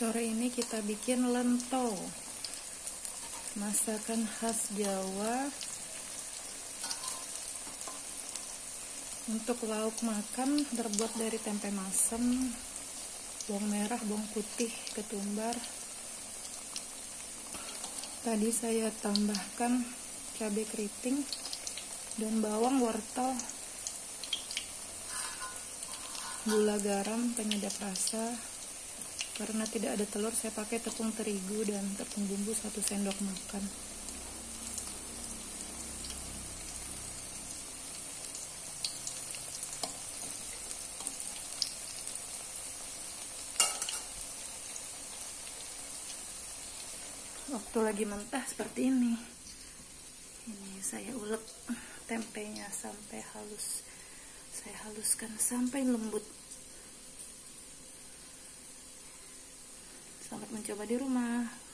sore ini kita bikin lento masakan khas jawa untuk lauk makan terbuat dari tempe masem bawang merah, bawang putih, ketumbar tadi saya tambahkan cabai keriting dan bawang wortel gula garam penyedap rasa karena tidak ada telur, saya pakai tepung terigu dan tepung bumbu satu sendok makan. Waktu lagi mentah seperti ini. Ini saya ulek tempenya sampai halus. Saya haluskan sampai lembut. banget mencoba di rumah